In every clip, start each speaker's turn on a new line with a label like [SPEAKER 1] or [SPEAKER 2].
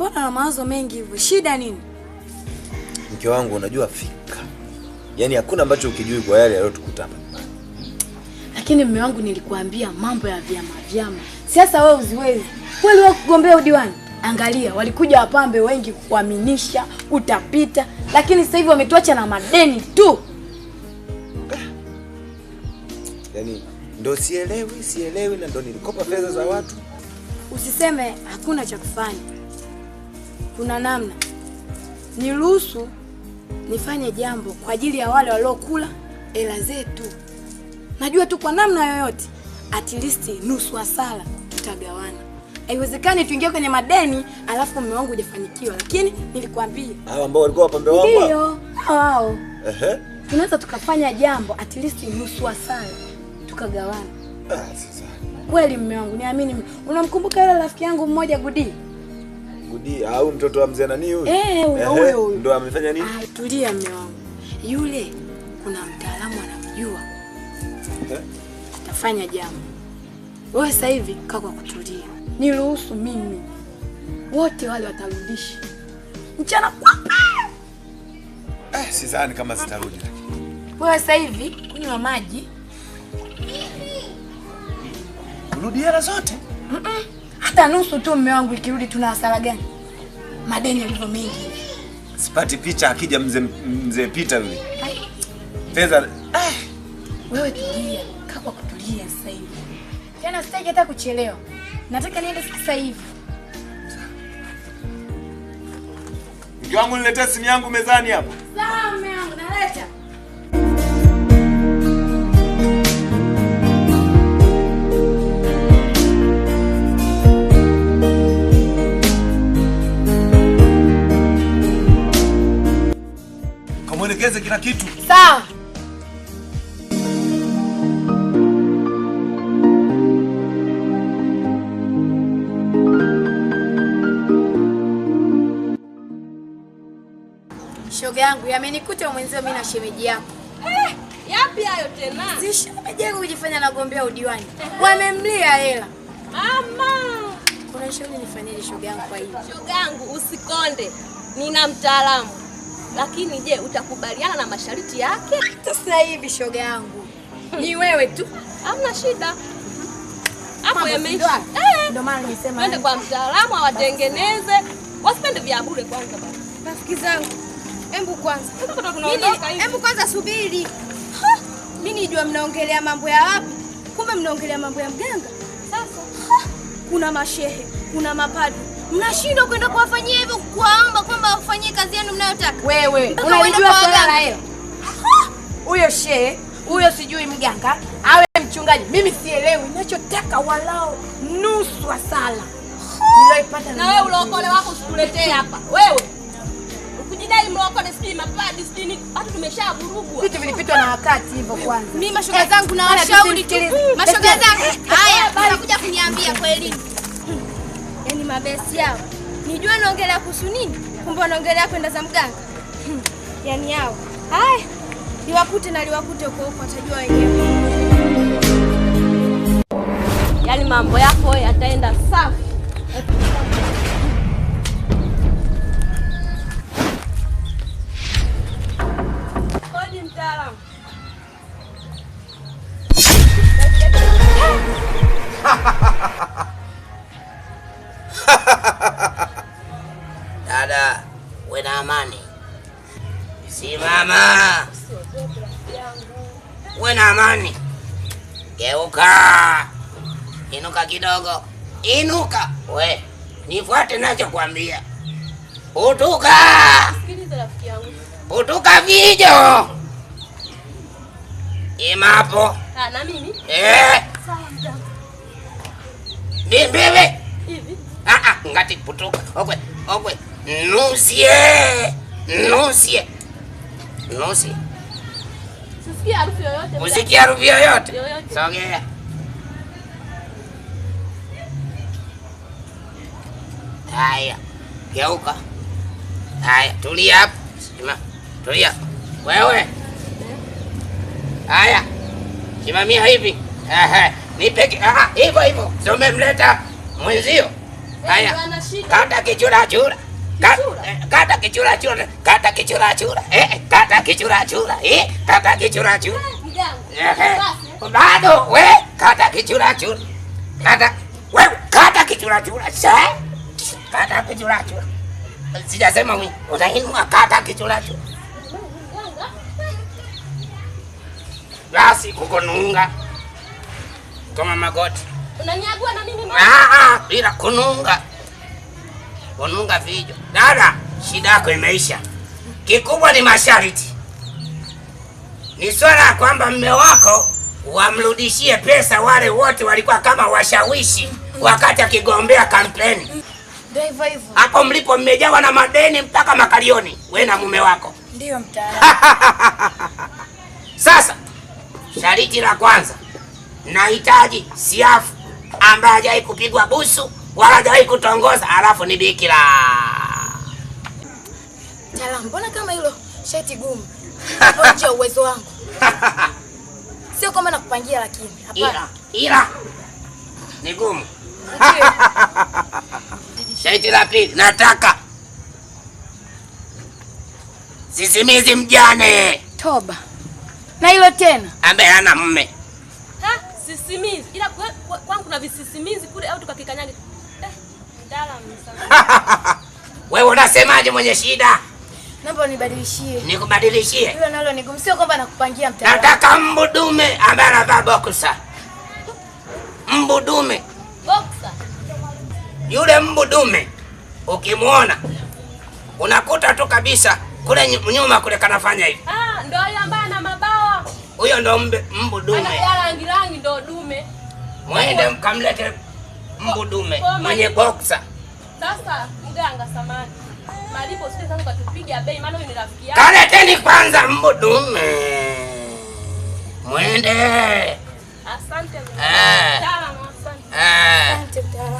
[SPEAKER 1] Mbona na mawazo mengi hivyo, shida nini?
[SPEAKER 2] Mke wangu, unajua fika, yaani hakuna ambacho ukijui kwa yale yaliyotukuta hapa
[SPEAKER 1] Lakini mme wangu, nilikuambia mambo ya vyama vyama, siasa wewe uziwezi kweli. Wewe kugombea udiwani, angalia, walikuja wapambe wengi kukuaminisha utapita, lakini sasa hivi wametuacha na madeni tu. Ah.
[SPEAKER 2] Yaani ndo sielewi, sielewi na ndo nilikopa fedha za watu.
[SPEAKER 1] Usiseme hakuna cha kufanya kuna namna niruhusu nifanye jambo kwa ajili ya wale waliokula hela zetu. Najua tu kwa namna yoyote, at least nusu asala tutagawana. Haiwezekani tuingie kwenye madeni alafu mume wangu hujafanikiwa, lakini nilikwambia
[SPEAKER 2] hao ambao walikuwa wapambe wangu, ndio
[SPEAKER 1] hao ehe, tunaweza tukafanya jambo at least nusu asala tukagawana. Ah, sasa kweli mume wangu, niamini, unamkumbuka yule rafiki yangu mmoja Gudii?
[SPEAKER 2] kusudia au mtoto wa mzee nani huyu?
[SPEAKER 1] Eh, huyo huyo.
[SPEAKER 2] Ndio amefanya nini? Ah,
[SPEAKER 1] tulia wangu. Yule kuna mtaalamu anamjua. Eh? Atafanya jambo. Wewe sasa hivi kaa kwa kutulia. Niruhusu mimi. Wote wale watarudishi Mchana kwa.
[SPEAKER 2] Eh, sidhani kama zitarudi lakini.
[SPEAKER 1] Wewe sasa hivi kunywa maji.
[SPEAKER 2] Kurudi hela zote?
[SPEAKER 1] Mm -mm. Hata nusu tu mme wangu ikirudi tuna hasara gani? madeni yalivyo mengi.
[SPEAKER 2] Sipati picha akija mzee mzee Pita yule. Fedha ah,
[SPEAKER 1] wewe tulia, kaa kwa kutulia sasa hivi. Tena sitaki hata kuchelewa. Nataka niende sasa hivi.
[SPEAKER 2] Mke wangu niletee simu yangu mezani hapo.
[SPEAKER 1] Sawa, mume wangu naleta.
[SPEAKER 2] ulegeze kila kitu.
[SPEAKER 1] Sawa. Shoga yangu, yamenikuta mwenzio mimi na shemeji yako.
[SPEAKER 3] Eh, yapi hayo tena?
[SPEAKER 1] Si shemeji yako kujifanya nagombea udiwani. Wamemlia hela. Mama, kuna shughuli nifanyeni shoga yangu kwa hiyo?
[SPEAKER 3] Shoga yangu, usikonde. Nina mtaalamu lakini je, utakubaliana na masharti yake?
[SPEAKER 1] Sasa hivi shoga yangu ni wewe tu,
[SPEAKER 3] hamna shida hapo. Yameisha, eh. ndio maana nimesema ende kwa mtaalamu awatengeneze, wasipende vya bure. Kwanza basi,
[SPEAKER 1] rafiki zangu, hebu kwanza, hebu kwanza subiri, mimi nijua mnaongelea mambo ya wapi? Kumbe mnaongelea mambo ya mganga. Sasa kuna mashehe, kuna mapadri, mnashindwa kwenda kuwafanyia hivyo kwa
[SPEAKER 3] wewe unajua swala la hela? Huyo shehe huyo, sijui mganga awe mchungaji, mimi sielewi. Ninachotaka walao nusu wa sala niloipata na wewe. Ulokole wako usikuletee hapa wewe, ukijidai mlokole, sijui mapadi, sijui nini, watu tumeshavurugwa,
[SPEAKER 1] vitu vilipitwa na wakati hivyo. Kwanza
[SPEAKER 3] mimi mashoga eh, zangu na wala shauri tu, mm, mashoga zangu haya, eh, bali kuja kuniambia kweli, yani mabesi yao nijua naongelea kuhusu nini kumbe wanaongelea kwenda za mganga. yani yao haya liwakute na liwakute huko huko, watajua wenyewe. Yaani mambo yako yataenda safi.
[SPEAKER 4] uwe na amani. Simama, uwe na amani. Geuka, inuka kidogo, inuka we, nifuate nachokwambia. Utuka, utuka vijo imapo ah, eh. Ah ah, ngati putuka. Okwe, okwe. Nusie, nusie, nusie. Usikia harufu yoyote? Sogea. Haya, geuka. Haya, tulia hapo. Tulia. Wewe. Haya. Simamia hivi. Nipeke. Aha, hivyo hivyo. Sio umemleta mwenzio. Haya. Kata kichura chura. Kata kichura chura, kata kichura chura, eh, eh, kata kichura chura, eh, kata kichura chura. Bado we kata kichura chura. Kata we kata kichura chura, sasa kata kichura chura. Sijasema mimi, utainua kata kichura chura. Basi kukununga kama magoti.
[SPEAKER 3] Unaniagua na mimi
[SPEAKER 4] Ah ah, kununga ununga vijo. Dada, shida yako imeisha. Kikubwa ni mashariti, ni swala ya kwamba mme wako wamrudishie pesa wale wote walikuwa kama washawishi wakati akigombea kampeni. hivyo. Hapo mlipo mmejawa na madeni mpaka makalioni, we na mume wako.
[SPEAKER 3] Ndio mtaalamu.
[SPEAKER 4] Sasa shariti la kwanza, nahitaji siafu ambaye hajawahi kupigwa busu wala hajawahi kutongoza, alafu ni bikira.
[SPEAKER 1] Tala, mbona kama hilo sheti gumu? Nje ya uwezo wangu. Sio kama nakupangia, lakini
[SPEAKER 4] hapana, ila ni gumu. Sheti la pili nataka sisimizi mjane.
[SPEAKER 1] Toba na hilo tena,
[SPEAKER 4] ambaye hana mume.
[SPEAKER 3] Sisimizi ila kwangu kuna visisimizi kule, au tukakikanyaga
[SPEAKER 4] wewe unasemaje mwenye shida?
[SPEAKER 1] Naomba unibadilishie.
[SPEAKER 4] Nikubadilishie?
[SPEAKER 1] Hilo nalo ni gumu, sio kwamba nakupangia mtaala.
[SPEAKER 4] Nataka mbudume ambaye anavaa boxer. Mbudume. Boxer. Yule mbudume ukimwona unakuta tu kabisa kule nyuma kule kanafanya hivi.
[SPEAKER 3] Ah, ndio yule ambaye ana mabawa.
[SPEAKER 4] Huyo ndio mbudume.
[SPEAKER 3] Ana rangi rangi ndio dume.
[SPEAKER 4] Mwende mkamlete mbudume mwenye boxer.
[SPEAKER 3] Sasa mganga, samani malipo sisi sasa ukatupiga bei, maana ni rafiki yako.
[SPEAKER 4] Kaleteni kwanza mbudume mwende. Asante eh. mtaalamu, eh.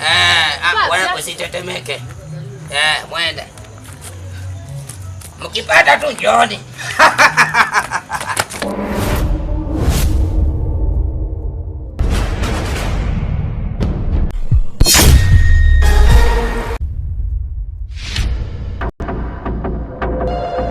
[SPEAKER 4] eh, ah, usitetemeke mwende, mkipata tu joni